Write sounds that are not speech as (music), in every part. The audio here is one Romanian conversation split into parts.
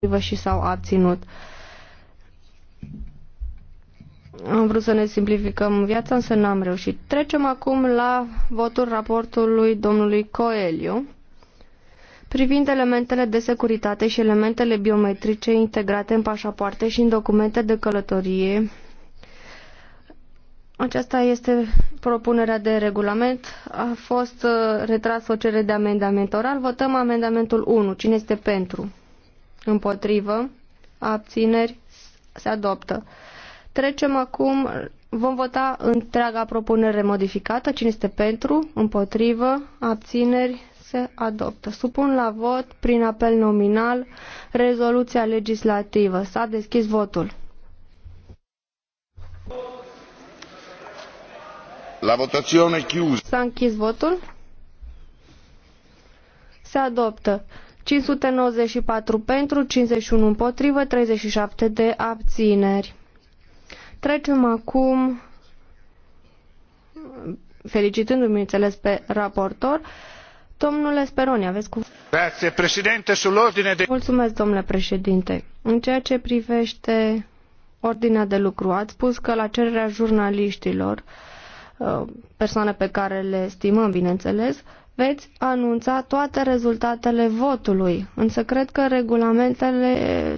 împotrivă și s-au abținut. Am vrut să ne simplificăm viața, însă n-am reușit. Trecem acum la votul raportului domnului Coeliu privind elementele de securitate și elementele biometrice integrate în pașapoarte și în documente de călătorie. Aceasta este propunerea de regulament. A fost uh, retras o cerere de amendament oral. Votăm amendamentul 1. Cine este pentru? Împotrivă. Abțineri. Se adoptă. Trecem acum, vom vota întreaga propunere modificată. Cine este pentru? Împotrivă. Abțineri. Se adoptă. Supun la vot, prin apel nominal, rezoluția legislativă. S-a deschis votul. La votazione chiusa. S-a închis votul. Se adoptă. 594 pentru, 51 împotrivă, 37 de abțineri. Trecem acum, felicitându-mi, bineînțeles, pe raportor, Domnule Speroni, aveți cuvânt. De... Mulțumesc, domnule președinte. În ceea ce privește ordinea de lucru, ați spus că la cererea jurnaliștilor, uh, persoane pe care le stimăm, bineînțeles, veți anunța toate rezultatele votului, însă cred că regulamentele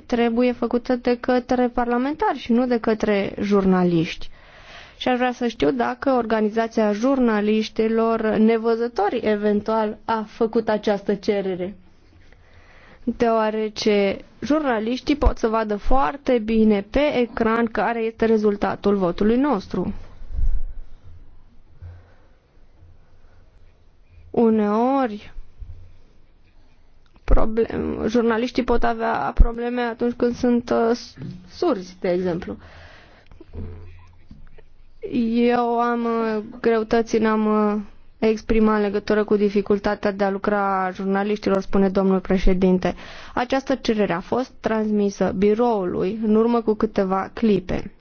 trebuie făcute de către parlamentari și nu de către jurnaliști. Și aș vrea să știu dacă organizația jurnaliștilor nevăzători eventual a făcut această cerere. Deoarece jurnaliștii pot să vadă foarte bine pe ecran care este rezultatul votului nostru. Uneori, problem, jurnaliștii pot avea probleme atunci când sunt uh, surzi, de exemplu. Eu am uh, greutăți în am uh, exprima în legătură cu dificultatea de a lucra a jurnaliștilor, spune domnul președinte. Această cerere a fost transmisă biroului în urmă cu câteva clipe.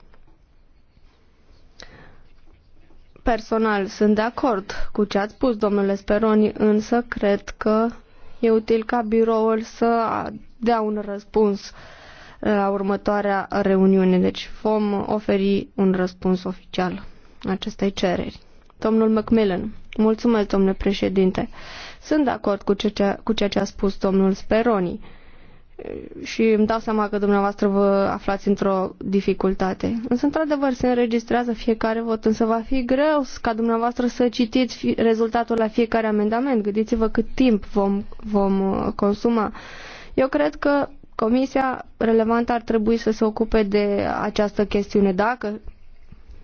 Personal sunt de acord cu ce ați spus, domnule Speroni, însă cred că e util ca biroul să dea un răspuns uh, la următoarea reuniune. Deci vom oferi un răspuns oficial acestei cereri. Domnul Macmillan, mulțumesc, domnule președinte. Sunt de acord cu ceea ce a spus domnul Speroni și îmi dau seama că dumneavoastră vă aflați într-o dificultate. Însă, într-adevăr, se înregistrează fiecare vot, însă va fi greu ca dumneavoastră să citiți rezultatul la fiecare amendament. Gândiți-vă cât timp vom, vom uh, consuma. Eu cred că comisia relevantă ar trebui să se ocupe de această chestiune, dacă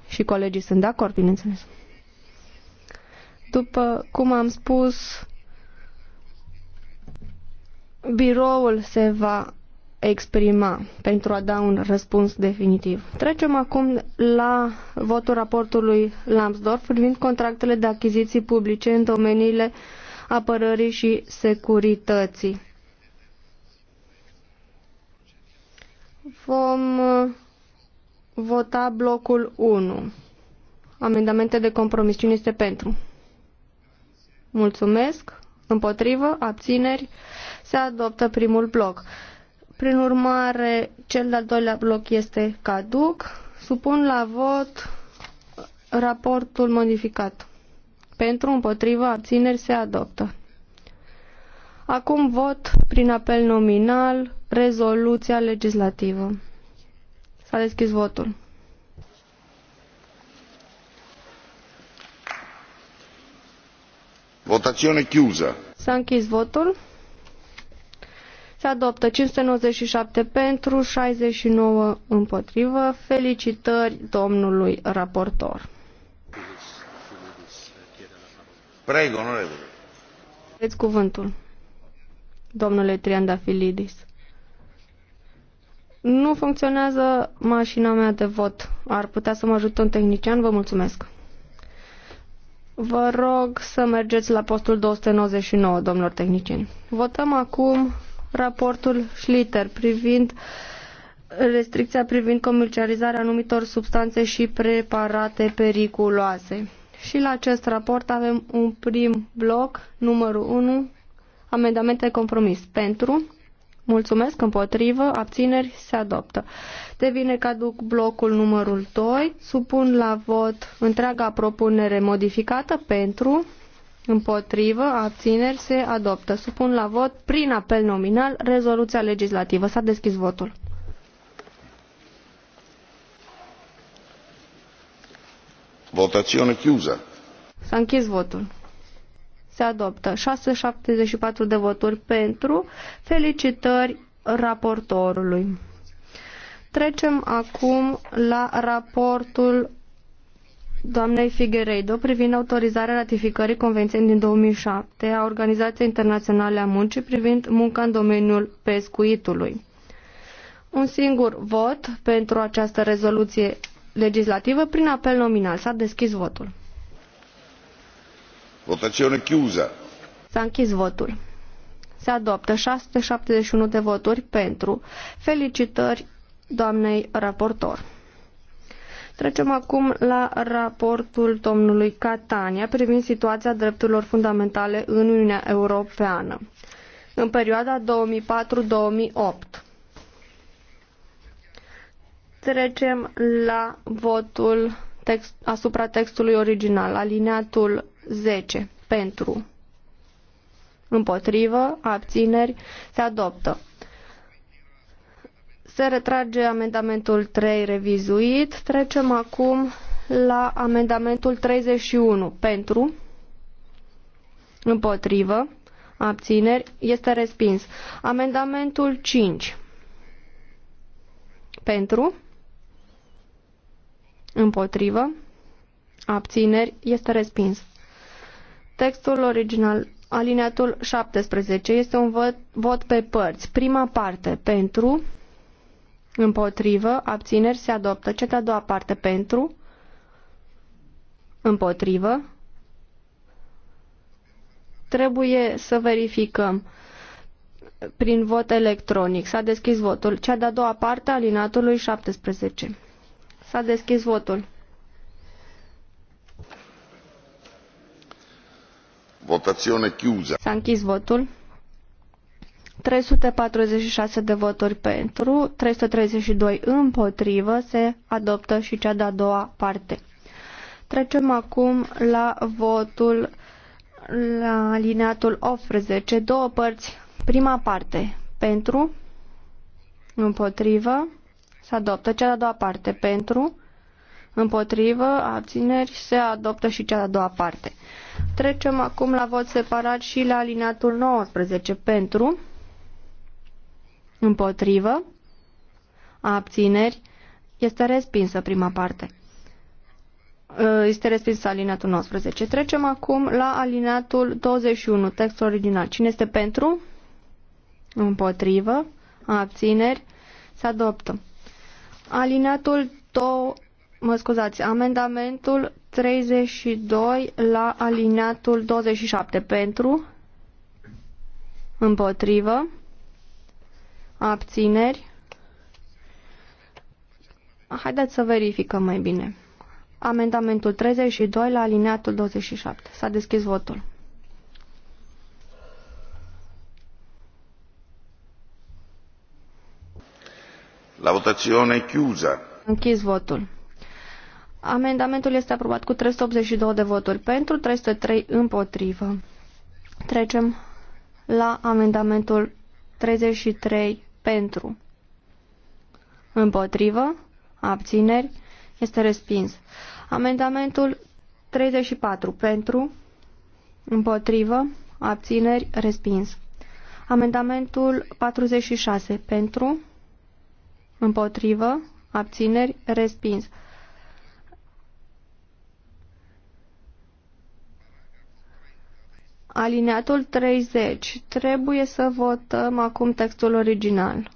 și colegii sunt de acord, bineînțeles. După cum am spus, biroul se va exprima pentru a da un răspuns definitiv. Trecem acum la votul raportului Lambsdorff privind contractele de achiziții publice în domeniile apărării și securității. Vom uh, vota blocul 1. Amendamente de compromis. Cine este pentru? Mulțumesc. Împotrivă, abțineri, se adoptă primul bloc. Prin urmare, cel de-al doilea bloc este caduc. Supun la vot raportul modificat. Pentru, împotrivă, abțineri se adoptă. Acum vot prin apel nominal rezoluția legislativă. S-a deschis votul. Votazione chiusa. S-a închis votul. Se adoptă 597 pentru, 69 împotrivă. Felicitări domnului raportor. Prego, onorevole. Aveți cuvântul, domnule Triandafilidis. Nu funcționează mașina mea de vot. Ar putea să mă ajute un tehnician? Vă mulțumesc. Vă rog să mergeți la postul 299, domnilor tehnicieni. Votăm acum raportul Schlitter privind restricția privind comercializarea anumitor substanțe și preparate periculoase. Și la acest raport avem un prim bloc, numărul 1, amendamente compromis pentru, Mulțumesc, împotrivă, abțineri, se adoptă. Devine caduc blocul numărul 2, supun la vot întreaga propunere modificată pentru, împotrivă, abțineri, se adoptă. Supun la vot, prin apel nominal, rezoluția legislativă. S-a deschis votul. Votațiune chiusa. S-a închis votul. Se adoptă 674 de voturi pentru. Felicitări raportorului. Trecem acum la raportul doamnei Figueiredo privind autorizarea ratificării Convenției din 2007 a Organizației Internaționale a Muncii privind munca în domeniul pescuitului. Un singur vot pentru această rezoluție legislativă prin apel nominal. S-a deschis votul. Votazione chiusa. S-a închis votul. Se adoptă 671 de voturi pentru. Felicitări doamnei raportor. Trecem acum la raportul domnului Catania privind situația drepturilor fundamentale în Uniunea Europeană în perioada 2004-2008. Trecem la votul text, asupra textului original, alineatul 10 pentru, împotrivă, abțineri, se adoptă. Se retrage amendamentul 3 revizuit. Trecem acum la amendamentul 31 pentru, împotrivă, abțineri, este respins. Amendamentul 5 pentru, împotrivă, abțineri, este respins. Textul original, alineatul 17, este un vot, vot pe părți. Prima parte, pentru, împotrivă, abțineri, se adoptă. Cea de-a doua parte, pentru, împotrivă. Trebuie să verificăm prin vot electronic. S-a deschis votul. Cea de-a doua parte a alinatului 17. S-a deschis votul. Votazione chiusa. S-a închis votul. 346 de voturi pentru, 332 împotrivă, se adoptă și cea de-a doua parte. Trecem acum la votul la alineatul 18, două părți. Prima parte, pentru, împotrivă, se adoptă. Cea de-a doua parte, pentru, Împotrivă, abțineri, se adoptă și cea de-a doua parte. Trecem acum la vot separat și la alineatul 19 pentru, împotrivă, abțineri, este respinsă prima parte. Uh, este respins alineatul 19. Trecem acum la alineatul 21, textul original. Cine este pentru? Împotrivă. Abțineri. Se adoptă. Alineatul mă scuzați, amendamentul 32 la alineatul 27 pentru, împotrivă, abțineri. Haideți să verificăm mai bine. Amendamentul 32 la alineatul 27. S-a deschis votul. La votazione chiusa. Închis votul. Amendamentul este aprobat cu 382 de voturi pentru, 303 împotrivă. Trecem la amendamentul 33 pentru. Împotrivă, abțineri, este respins. Amendamentul 34 pentru, împotrivă, abțineri, respins. Amendamentul 46 pentru, împotrivă, abțineri, respins. Alineatul 30. Trebuie să votăm acum textul original.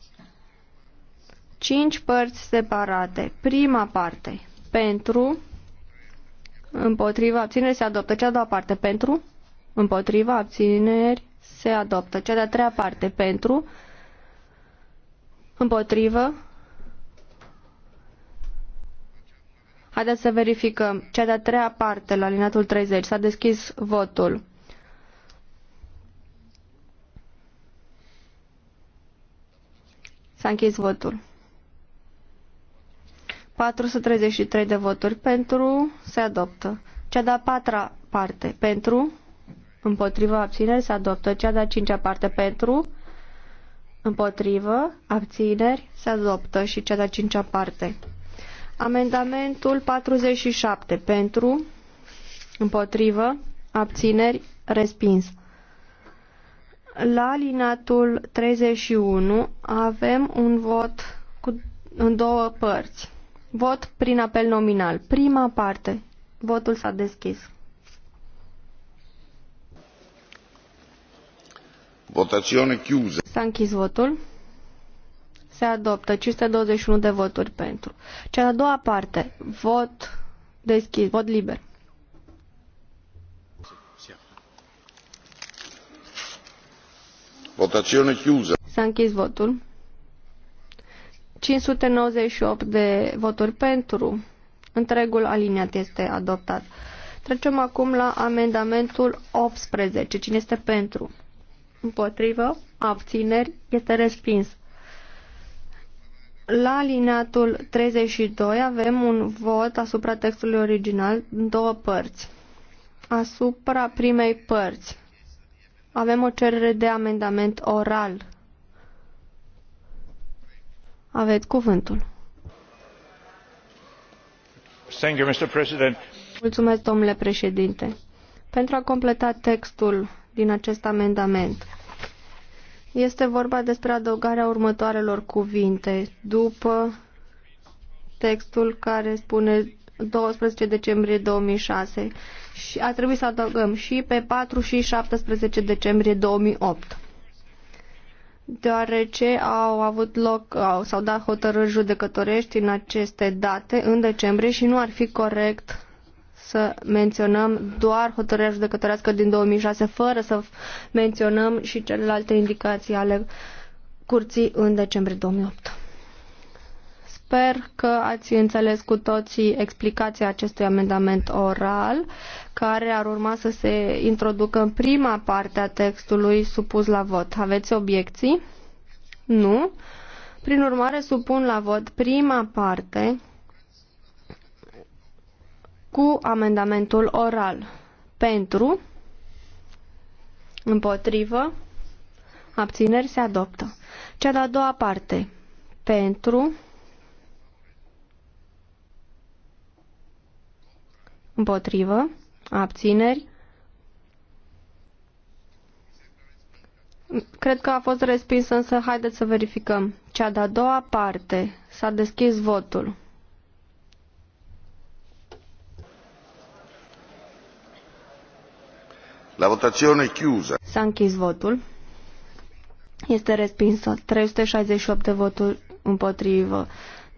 Cinci părți separate. Prima parte. Pentru. Împotriva abțineri se adoptă. Cea doua parte. Pentru. Împotriva abțineri se adoptă. Cea de-a treia parte. Pentru. Împotrivă. Haideți să verificăm. Cea de-a treia parte la alineatul 30. S-a deschis votul. S-a închis votul. 433 de voturi pentru, se adoptă. Cea de-a patra parte pentru, împotrivă, abțineri, se adoptă. Cea de-a cincea parte pentru, împotrivă, abțineri, se adoptă. Și cea de-a cincea parte. Amendamentul 47 pentru, împotrivă, abțineri, respins. La alinatul 31 avem un vot cu, în două părți. Vot prin apel nominal. Prima parte. Votul s-a deschis. Votazione chiusa. S-a închis votul. Se adoptă 521 de voturi pentru. Cea de-a doua parte. Vot deschis. Vot liber. Votazione chiusa. S-a închis votul. 598 de voturi pentru. Întregul aliniat este adoptat. Trecem acum la amendamentul 18. Cine este pentru? Împotrivă? Abțineri? Este respins. La alineatul 32 avem un vot asupra textului original în două părți. Asupra primei părți. Avem o cerere de amendament oral. Aveți cuvântul. Thank you, Mr. President. Mulțumesc, domnule președinte. Pentru a completa textul din acest amendament, este vorba despre adăugarea următoarelor cuvinte după textul care spune 12 decembrie 2006 și a trebuit să adăugăm și pe 4 și 17 decembrie 2008 deoarece au avut loc, au, s-au dat hotărâri judecătorești în aceste date în decembrie și nu ar fi corect să menționăm doar hotărârea judecătorească din 2006 fără să menționăm și celelalte indicații ale curții în decembrie 2008. Sper că ați înțeles cu toții explicația acestui amendament oral, care ar urma să se introducă în prima parte a textului supus la vot. Aveți obiecții? Nu. Prin urmare, supun la vot prima parte cu amendamentul oral. Pentru, împotrivă, abțineri se adoptă. Cea de-a doua parte. Pentru, Împotrivă. Abțineri. Cred că a fost respins, însă haideți să verificăm. Cea de-a doua parte. S-a deschis votul. La votazione chiusa. S-a închis votul. Este respinsă. 368 de voturi împotrivă.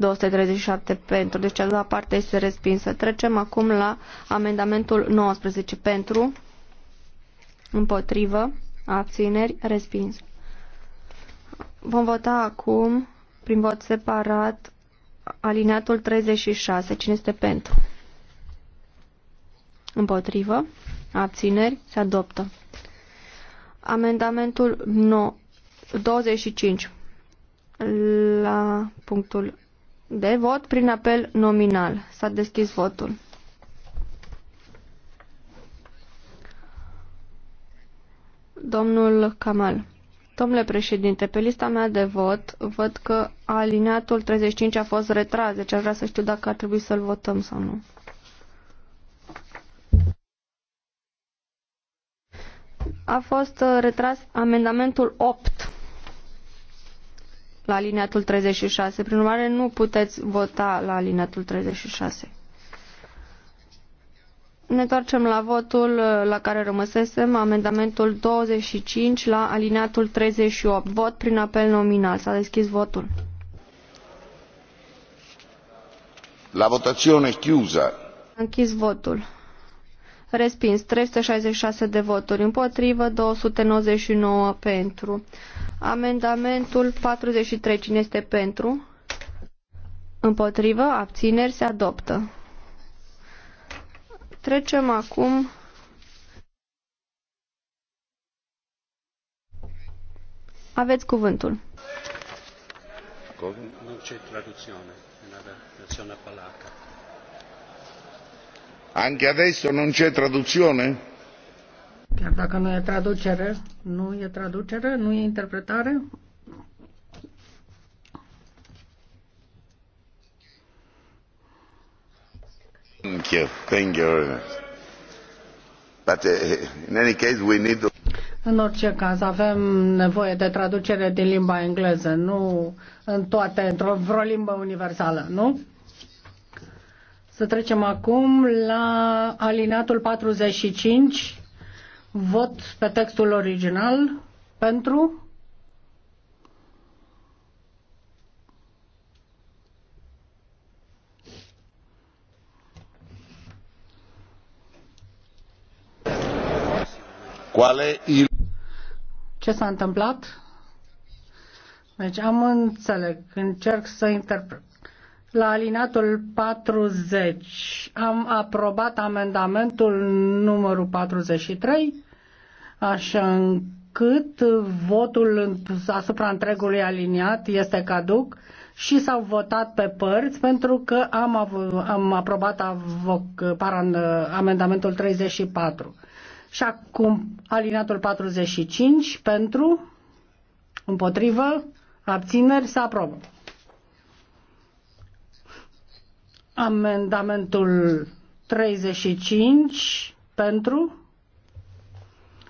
237 pentru. Deci a doua parte este respinsă. Trecem acum la amendamentul 19 pentru, împotrivă, abțineri, respins. Vom vota acum, prin vot separat, alineatul 36. Cine este pentru? Împotrivă, abțineri, se adoptă. Amendamentul 9, 25 la punctul de vot prin apel nominal. S-a deschis votul. Domnul Kamal. Domnule președinte, pe lista mea de vot văd că alineatul 35 a fost retras, deci aș vrea să știu dacă ar trebui să-l votăm sau nu. A fost retras amendamentul 8 la alineatul 36. Prin urmare, nu puteți vota la alineatul 36. Ne întoarcem la votul uh, la care rămăsesem, amendamentul 25 la alineatul 38. Vot prin apel nominal. S-a deschis votul. La votazione chiusa. Închis votul. Respins 366 de voturi împotrivă, 299 pentru. Amendamentul 43. Cine este pentru? Împotrivă, abțineri, se adoptă. Trecem acum Aveți cuvântul. Nu ce traducțiune în națiunea palacă. Anche adesso non c'è traduzione? Chiar dacă nu e traducere, nu e traducere, nu e interpretare. Thank you. Thank you But eh, in any case we need to... În orice caz, avem nevoie de traducere din limba engleză, nu în toate, într-o vreo limbă universală, nu? Să trecem acum la alinatul 45, vot pe textul original pentru Ce s-a întâmplat? Deci am înțeleg, încerc să interpret. La alinatul 40 am aprobat amendamentul numărul 43, așa încât votul asupra întregului aliniat este caduc și s-au votat pe părți pentru că am, av- am aprobat avoc, paran, amendamentul 34. Și acum alinatul 45 pentru, împotrivă, abțineri, se aprobă. Amendamentul 35 pentru,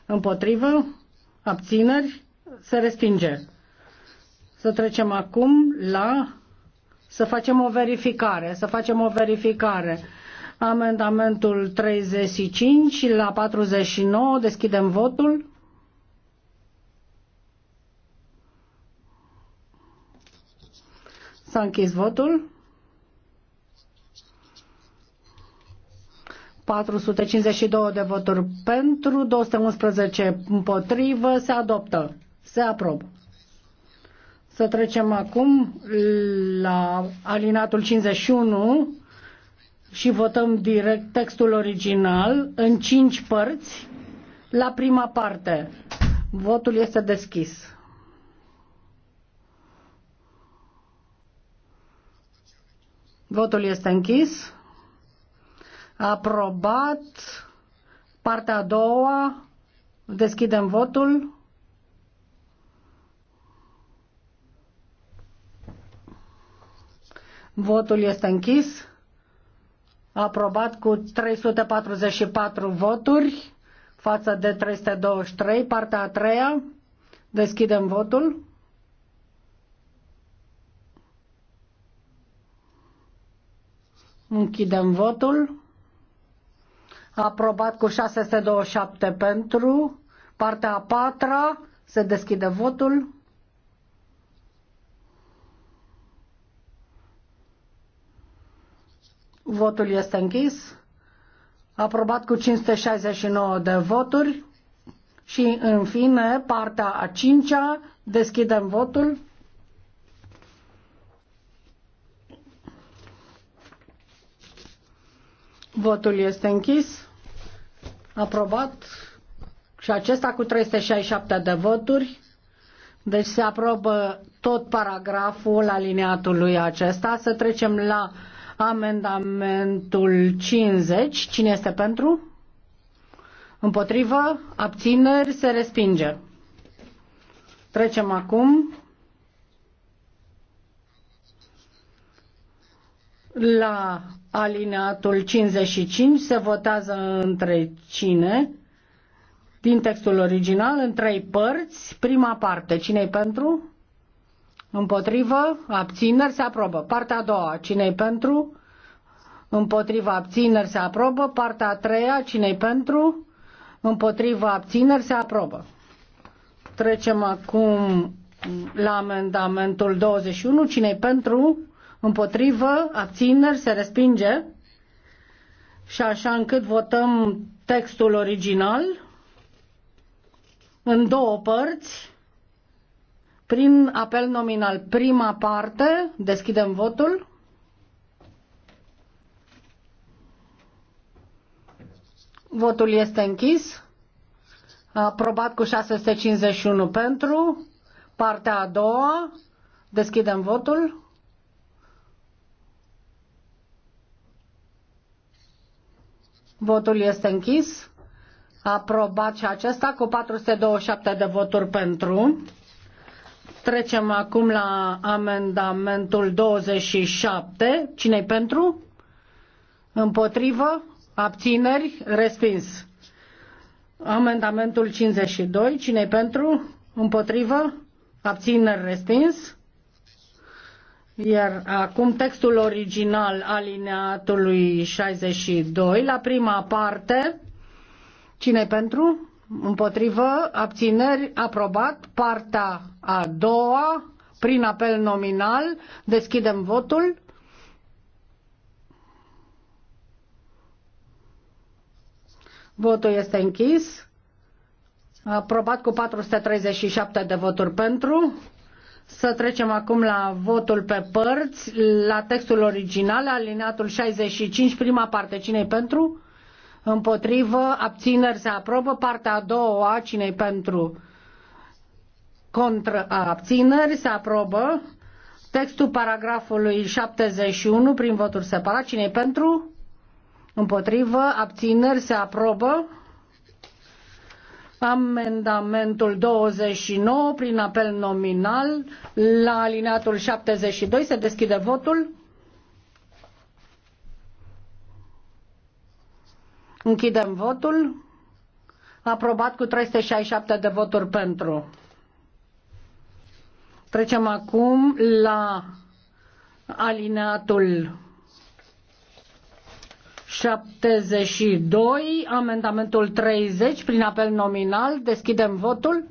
împotrivă, abțineri, se respinge. Să trecem acum la să facem o verificare, să facem o verificare. Amendamentul 35 la 49, deschidem votul. S-a închis votul. 452 de voturi pentru, 211 împotrivă, se adoptă, se aprobă. Să trecem acum la alinatul 51 și votăm direct textul original în 5 părți. La prima parte, votul este deschis. Votul este închis. Aprobat. Partea a doua. Deschidem votul. Votul este închis. Aprobat cu 344 voturi față de 323. Partea a treia. Deschidem votul. Închidem votul aprobat cu 627 pentru. Partea a patra, se deschide votul. Votul este închis. Aprobat cu 569 de voturi. Și, în fine, partea a cincea, deschidem votul. Votul este închis. Aprobat. Și acesta cu 367 de voturi. Deci se aprobă tot paragraful alineatului acesta. Să trecem la amendamentul 50. Cine este pentru? Împotrivă? Abțineri? Se respinge. Trecem acum la alineatul 55 se votează între cine? Din textul original, în trei părți. Prima parte, cine-i pentru? Împotrivă, abțineri, se aprobă. Partea a doua, cine-i pentru? Împotrivă, abțineri se aprobă. Partea a treia, cine pentru? Împotrivă, abțineri se aprobă. Trecem acum la amendamentul 21. cine pentru? împotrivă, abțineri, se respinge. Și așa încât votăm textul original în două părți prin apel nominal. Prima parte, deschidem votul. Votul este închis. Aprobat cu 651 pentru. Partea a doua. Deschidem votul. Votul este închis. Aprobat și acesta cu 427 de voturi pentru. Trecem acum la amendamentul 27. Cine-i pentru? Împotrivă? Abțineri? Respins. Amendamentul 52. Cine-i pentru? Împotrivă? Abțineri? Respins. Iar acum textul original alineatului 62, la prima parte, cine pentru? Împotrivă, abțineri, aprobat. Partea a doua, prin apel nominal, deschidem votul. Votul este închis. Aprobat cu 437 de voturi pentru. Să trecem acum la votul pe părți, la textul original, alineatul 65, prima parte. cine pentru? Împotrivă, abțineri se aprobă. Partea a doua, cine pentru? Contra abțineri se aprobă. Textul paragrafului 71 prin voturi separat. cine pentru? Împotrivă, abțineri se aprobă. Amendamentul 29 prin apel nominal la alineatul 72 se deschide votul. Închidem votul. Aprobat cu 367 de voturi pentru. Trecem acum la alineatul 72, amendamentul 30, prin apel nominal. Deschidem votul.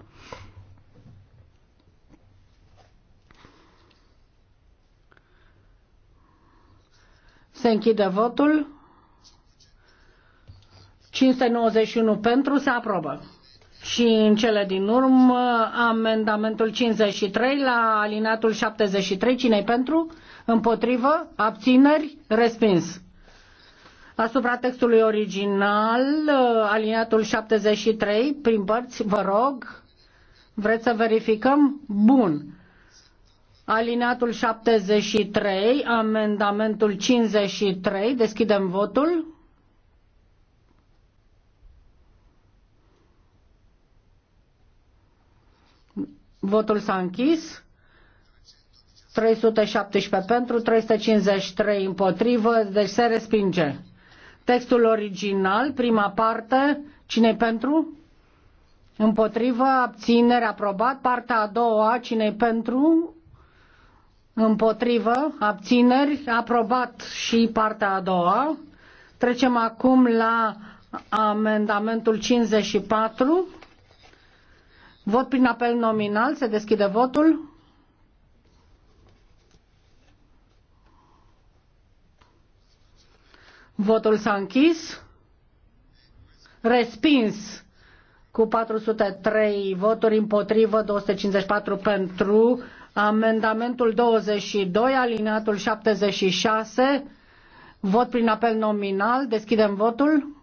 Se închide votul. 591 pentru, se aprobă. Și în cele din urmă, amendamentul 53 la alineatul 73, cine pentru? Împotrivă? Abțineri? Respins asupra textului original, uh, aliniatul 73, prin părți, vă rog. Vreți să verificăm? Bun. Alineatul 73, amendamentul 53, deschidem votul. Votul s-a închis. 317 pentru, 353 împotrivă, deci se respinge. Textul original, prima parte, cine pentru? Împotrivă, abținere, aprobat. Partea a doua, cine pentru? Împotrivă, abțineri, aprobat și partea a doua. Trecem acum la amendamentul 54. Vot prin apel nominal. Se deschide votul. Votul s-a închis. Respins cu 403 voturi împotrivă, 254 pentru. Amendamentul 22, alineatul 76. Vot prin apel nominal. Deschidem votul.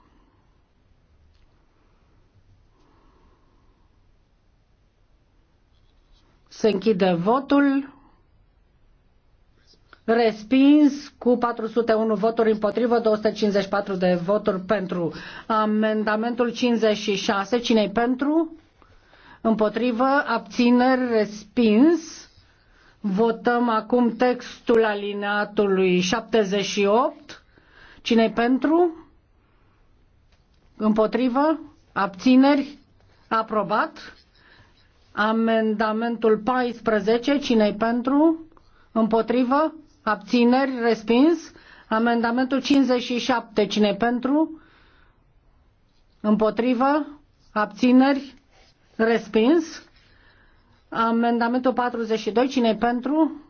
Se închide votul respins cu 401 voturi împotrivă, 254 de voturi pentru. Amendamentul 56, cine pentru? Împotrivă, abțineri, respins. Votăm acum textul alineatului 78. cine pentru? Împotrivă? Abțineri? Aprobat. Amendamentul 14. Cine-i pentru? Împotrivă? abțineri, respins. Amendamentul 57, cine pentru? Împotrivă, abțineri, respins. Amendamentul 42, cine pentru?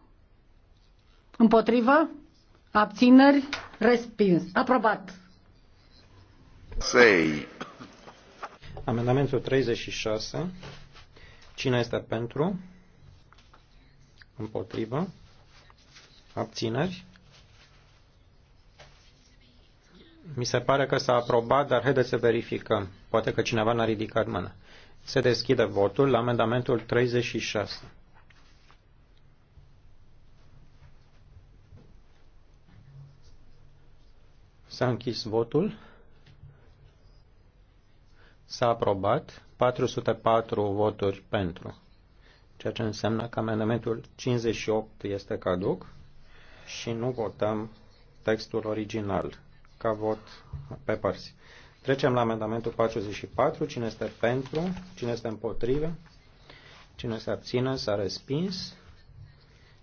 Împotrivă, abțineri, respins. Aprobat. 6. Amendamentul 36. Cine este pentru? Împotrivă? Abțineri? Mi se pare că s-a aprobat, dar haideți să verificăm. Poate că cineva n-a ridicat mâna. Se deschide votul la amendamentul 36. S-a închis votul. S-a aprobat 404 voturi pentru, ceea ce înseamnă că amendamentul 58 este caduc și nu votăm textul original ca vot pe părți. Trecem la amendamentul 44. Cine este pentru? Cine este împotrivă? Cine se abține? S-a respins.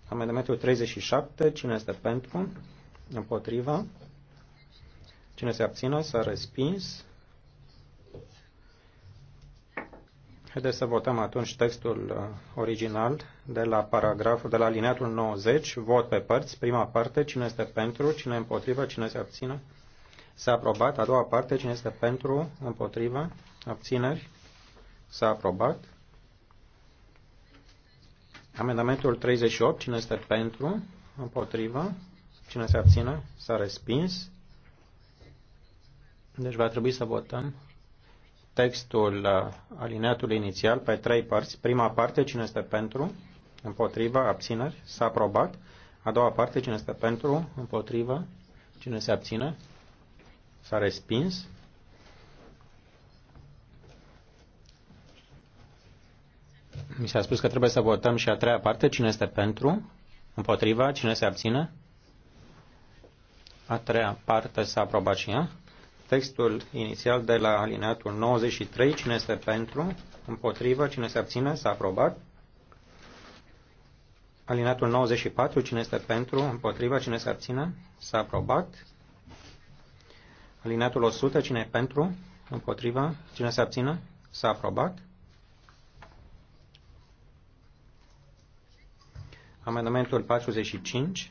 Amendamentul 37. Cine este pentru? Împotrivă? Cine se abține? S-a respins. Haideți să votăm atunci textul uh, original de la paragraful, de la alineatul 90, vot pe părți, prima parte, cine este pentru, cine împotrivă, cine se abține. S-a aprobat. A doua parte, cine este pentru, împotrivă, abțineri. S-a aprobat. Amendamentul 38, cine este pentru, împotrivă, cine se abține, s-a respins. Deci va trebui să votăm textul uh, alineatului inițial pe trei părți. Prima parte, cine este pentru, împotriva, abțineri, s-a aprobat. A doua parte, cine este pentru, împotriva, cine se abține, s-a respins. Mi s-a spus că trebuie să votăm și a treia parte. Cine este pentru? Împotriva? Cine se abține? A treia parte s-a aprobat și ea textul inițial de la alineatul 93. Cine este pentru? Împotrivă? Cine se abține? S-a aprobat. Alineatul 94. Cine este pentru? Împotrivă? Cine se abține? S-a aprobat. Alineatul 100. Cine e pentru? Împotrivă? Cine se abține? S-a aprobat. Amendamentul 45.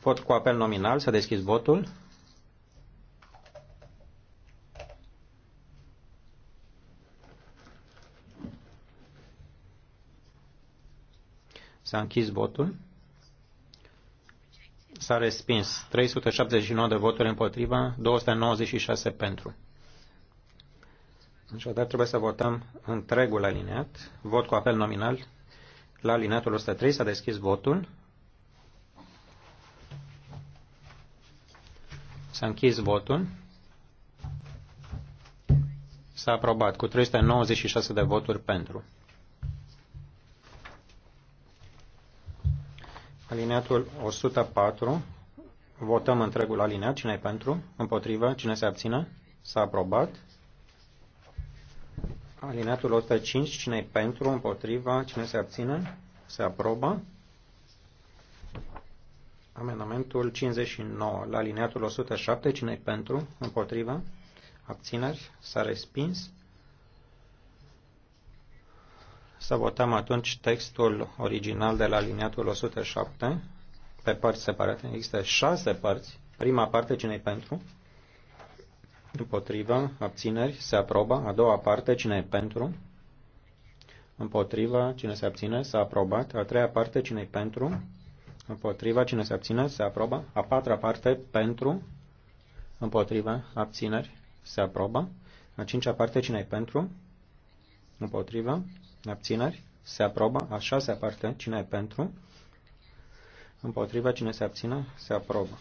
Vot cu apel nominal. S-a deschis votul. S-a închis votul. S-a respins 379 de voturi împotriva, 296 pentru. Așadar deci, trebuie să votăm întregul alineat. Vot cu apel nominal la alineatul 103. S-a deschis votul. S-a închis votul. S-a aprobat cu 396 de voturi pentru. Alineatul 104. Votăm întregul alineat. Cine e pentru? Împotrivă? Cine se abține? S-a aprobat. Alineatul 105. Cine e pentru? Împotrivă? Cine se abține? Se aprobă. Amendamentul 59. La alineatul 107. Cine e pentru? Împotrivă? Abțineri? S-a respins. Să votăm atunci textul original de la aliniatul 107, pe părți separate. Există șase părți. Prima parte, cine pentru? Împotrivă, abțineri, se aprobă. A doua parte, cine e pentru? Împotrivă, cine se abține, s-a aprobat. A treia parte, cine e pentru? Împotriva, cine se abține, se aprobă. A patra parte, pentru, împotriva, abțineri, se aprobă. A cincea parte, cine e pentru? Împotriva, Abțineri? Se aprobă. așa se aparte. Cine e pentru? Împotriva. Cine se abține? Se aprobă.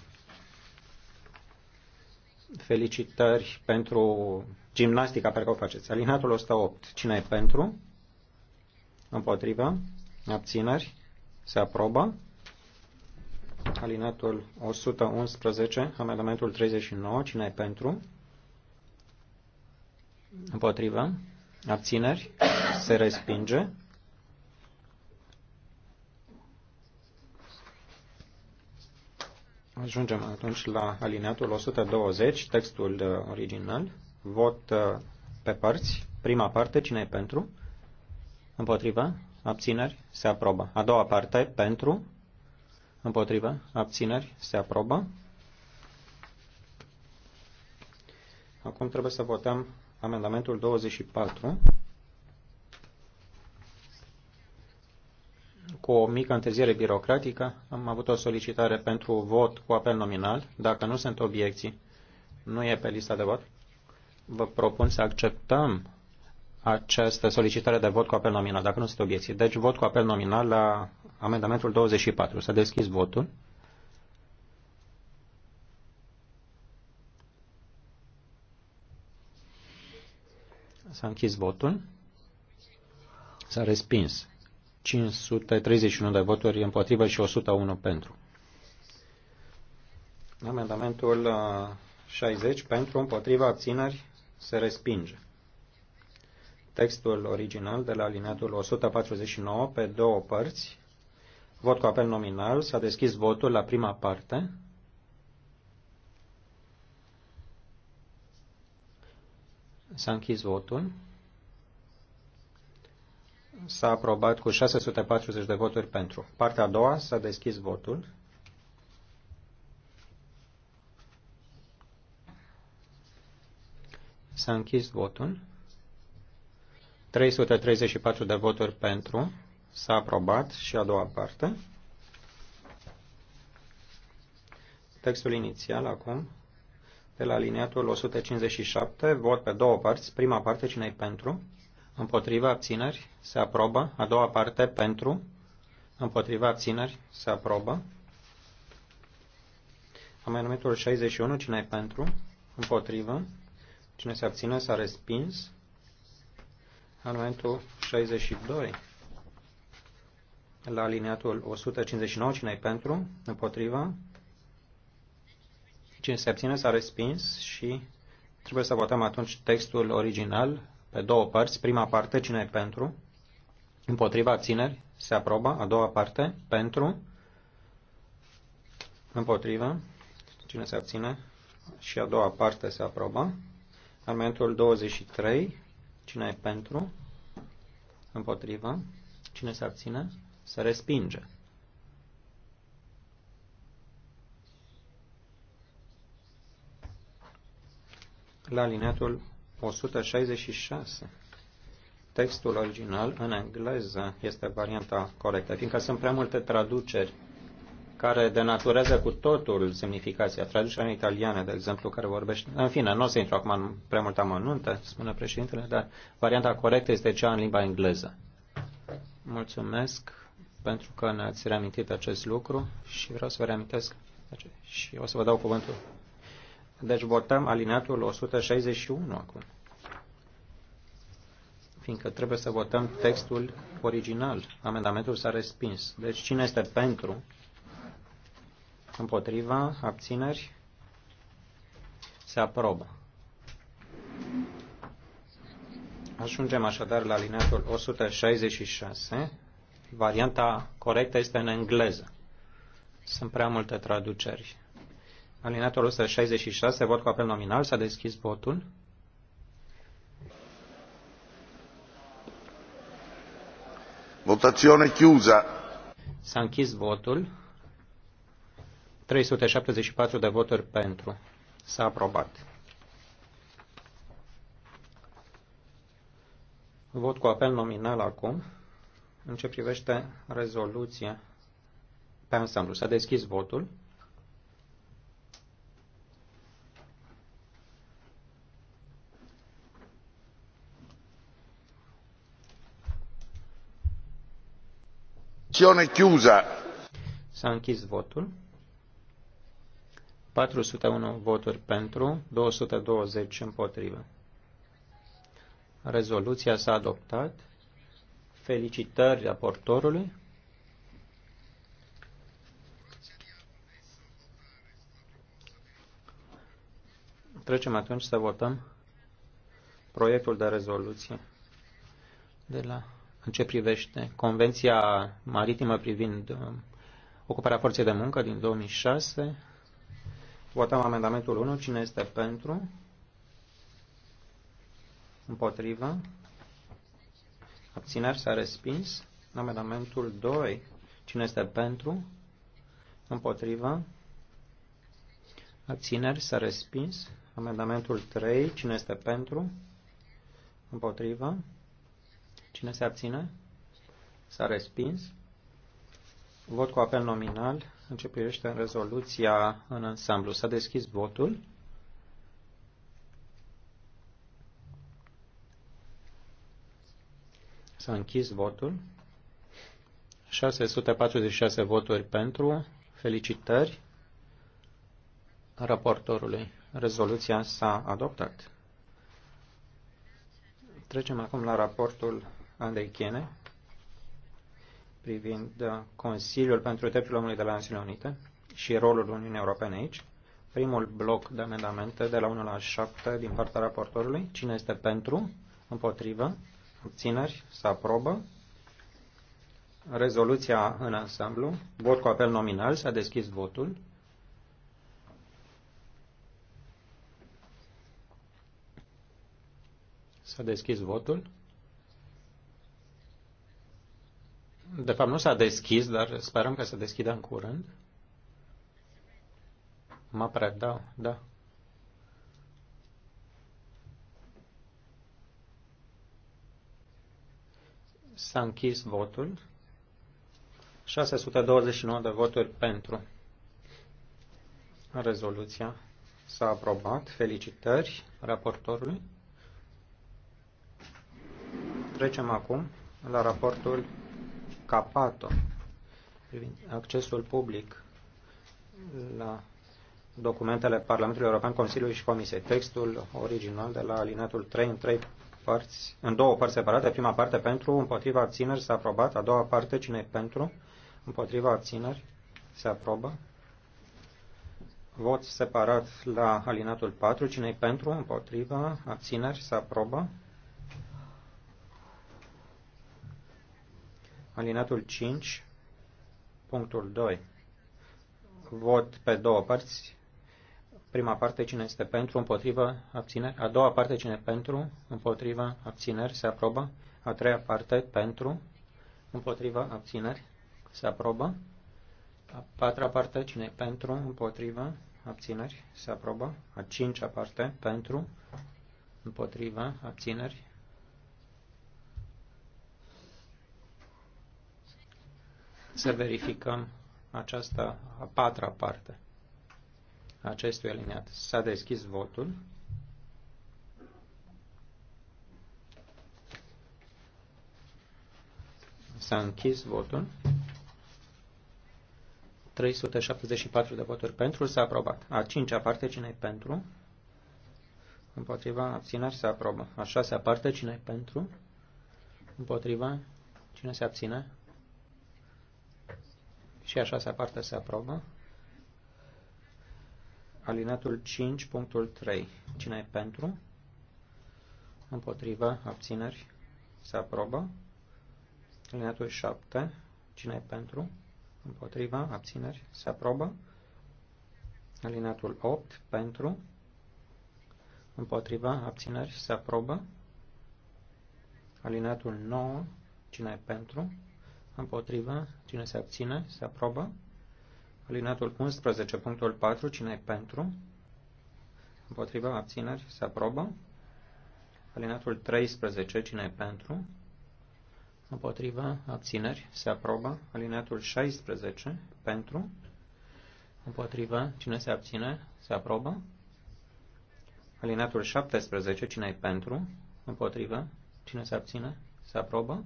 Felicitări pentru gimnastica pe care o faceți. Alinatul 108. Cine e pentru? Împotriva. Abțineri? Se aprobă. Alinatul 111, amendamentul 39, cine e pentru? Împotrivă? Abțineri? Se respinge. Ajungem atunci la alineatul 120, textul uh, original. Vot uh, pe părți. Prima parte, cine e pentru? Împotrivă? Abțineri? Se aprobă. A doua parte, pentru? Împotrivă? Abțineri? Se aprobă. Acum trebuie să votăm amendamentul 24 cu o mică întârziere birocratică, am avut o solicitare pentru vot cu apel nominal. Dacă nu sunt obiecții, nu e pe lista de vot. Vă propun să acceptăm această solicitare de vot cu apel nominal, dacă nu sunt obiecții. Deci vot cu apel nominal la amendamentul 24. Să deschis votul. S-a închis votul. S-a respins. 531 de voturi împotrivă și 101 pentru. Amendamentul 60 uh, pentru împotriva abțineri se respinge. Textul original de la alineatul 149 pe două părți. Vot cu apel nominal. S-a deschis votul la prima parte. S-a închis votul. S-a aprobat cu 640 de voturi pentru. Partea a doua s-a deschis votul. S-a închis votul. 334 de voturi pentru. S-a aprobat și a doua parte. Textul inițial acum de la aliniatul 157, vot pe două părți. Prima parte, cine pentru? Împotriva abțineri, se aprobă. A doua parte, pentru. Împotriva abțineri, se aprobă. Amendamentul 61, cine pentru? Împotrivă. Cine se abține, s-a respins. Amendamentul 62, la aliniatul 159, cine pentru? Împotriva. Cine se abține s-a respins și trebuie să votăm atunci textul original pe două părți. Prima parte, cine e pentru? Împotriva abțineri se aprobă. A doua parte, pentru? Împotriva. Cine se abține? Și a doua parte se aprobă. Amendamentul 23. Cine e pentru? Împotriva. Cine se abține? Se respinge. la alineatul 166. Textul original în engleză este varianta corectă, fiindcă sunt prea multe traduceri care denaturează cu totul semnificația. Traducerea în italiană, de exemplu, care vorbește... În fine, nu o să intru acum în prea mult amănuntă, spune președintele, dar varianta corectă este cea în limba engleză. Mulțumesc pentru că ne-ați reamintit acest lucru și vreau să vă reamintesc și o să vă dau cuvântul deci votăm alineatul 161 acum. Fiindcă trebuie să votăm textul original. Amendamentul s-a respins. Deci cine este pentru? Împotriva? Abțineri? Se aprobă. Ajungem așadar la alineatul 166. Varianta corectă este în engleză. Sunt prea multe traduceri. Alinatul 166, vot cu apel nominal, s-a deschis votul. Votazione chiusa. S-a închis votul. 374 de voturi pentru. S-a aprobat. Vot cu apel nominal acum. În ce privește rezoluția pe ansamblu. S-a deschis votul. Votazione chiusa. S-a închis votul. 401 voturi pentru, 220 împotrivă. Rezoluția s-a adoptat. Felicitări raportorului. Trecem atunci să votăm proiectul de rezoluție de la în ce privește Convenția Maritimă privind uh, ocuparea forței de muncă din 2006. Votăm amendamentul 1. Cine este pentru? Împotrivă? Abțineri s-a respins. Amendamentul 2. Cine este pentru? Împotrivă? Abțineri s-a respins. Amendamentul 3. Cine este pentru? Împotrivă? Cine se abține? S-a respins. Vot cu apel nominal. Începește rezoluția în ansamblu. S-a deschis votul. S-a închis votul. 646 voturi pentru. Felicitări raportorului. Rezoluția s-a adoptat. Trecem acum la raportul Andrei Chiene privind uh, Consiliul pentru Drepturile Omului de la Națiunile Unite și rolul Uniunii Europene aici. Primul bloc de amendamente de la 1 la 7 din partea raportorului. Cine este pentru? Împotrivă? obțineri, să aprobă? Rezoluția în ansamblu. Vot cu apel nominal. S-a deschis votul. S-a deschis votul. De fapt, nu s-a deschis, dar sperăm că se deschidă în curând. Mă da, da. S-a închis votul. 629 de voturi pentru. Rezoluția s-a aprobat. Felicitări raportorului. Trecem acum la raportul Capato privind accesul public la documentele Parlamentului European, Consiliului și Comisiei. Textul original de la alinatul 3 în 3 părți, în două părți separate, prima parte pentru, împotriva abțineri s-a aprobat, a doua parte cine pentru, împotriva abțineri se aprobă. Vot separat la alinatul 4, cine pentru, împotriva, abțineri se aprobă. Alinatul 5, punctul 2. Vot pe două părți. Prima parte cine este pentru, împotrivă, abțineri. A doua parte cine pentru, împotrivă, abțineri, se aprobă. A treia parte pentru, împotrivă, abțineri, se aprobă. A patra parte cine pentru, împotrivă, abțineri, se aprobă. A cincea parte pentru, împotrivă, abțineri, să verificăm această a patra parte a acestui aliniat. S-a deschis votul. S-a închis votul. 374 de voturi pentru s-a aprobat. A cincea parte, cine pentru? Împotriva, abțineri se aprobă. A șasea parte, cine pentru? Împotriva, cine se abține? Și așa se aparte se aprobă. Alinatul 5, punctul 3. Cine e pentru? Împotriva, abțineri, se aprobă. Alinatul 7. Cine e pentru? Împotriva, abțineri, se aprobă. Alinatul 8, pentru, împotriva, abțineri, se aprobă. Alinatul 9, cine e pentru, împotrivă, cine se abține, se aprobă. Alinatul 11, punctul 4, cine e pentru, împotrivă, abțineri, se aprobă. Alinatul 13, cine e pentru, împotrivă, abțineri, se aprobă. Alinatul 16, pentru, împotrivă, cine se abține, se aprobă. Alinatul 17, cine e pentru, împotrivă, cine se abține, se aprobă.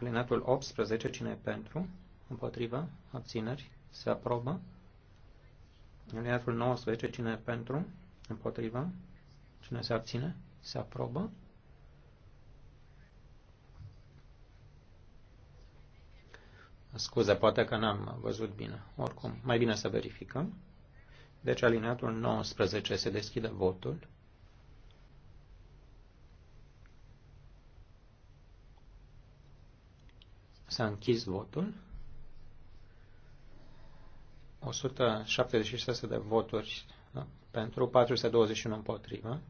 Alinatul 18, cine e pentru? Împotrivă? Abțineri? Se aprobă. Alinatul 19, cine e pentru? Împotrivă? Cine se abține? Se aprobă. Scuze, poate că n-am văzut bine. Oricum, mai bine să verificăm. Deci alineatul 19 se deschide votul. S-a închis votul. 176 de voturi da, pentru, 421 împotrivă.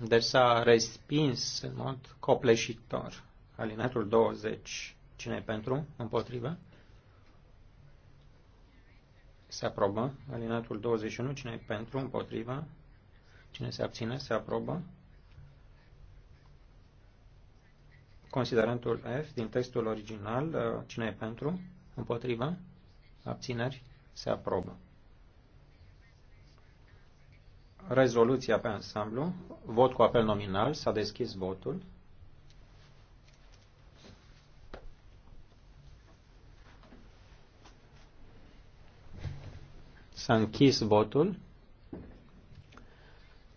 Deci s-a respins în mod copleșitor alinatul 20. Cine e pentru? Împotrivă? Se aprobă. alinatul 21. Cine e pentru? Împotrivă? Cine se abține? Se aprobă. Considerentul F din textul original, uh, cine e pentru, împotriva, abțineri, se aprobă. Rezoluția pe ansamblu, vot cu apel nominal, s-a deschis votul. S-a închis votul.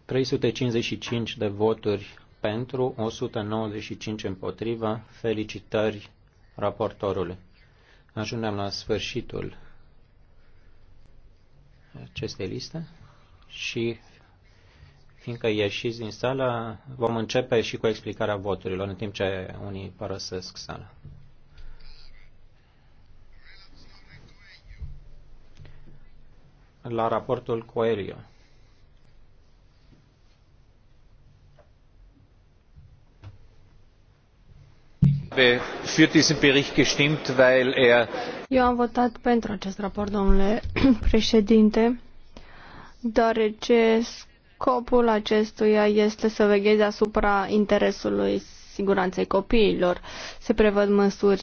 355 de voturi pentru, 195 împotriva. Felicitări raportorului. Ajungem la sfârșitul acestei liste și fiindcă ieșiți din sală, vom începe și cu explicarea voturilor în timp ce unii părăsesc sala. La raportul Coelho. Er Eu am votat pentru acest raport, domnule (clears throat) președinte, deoarece scopul acestuia este să vegheze asupra interesului siguranței copiilor. Se prevăd măsuri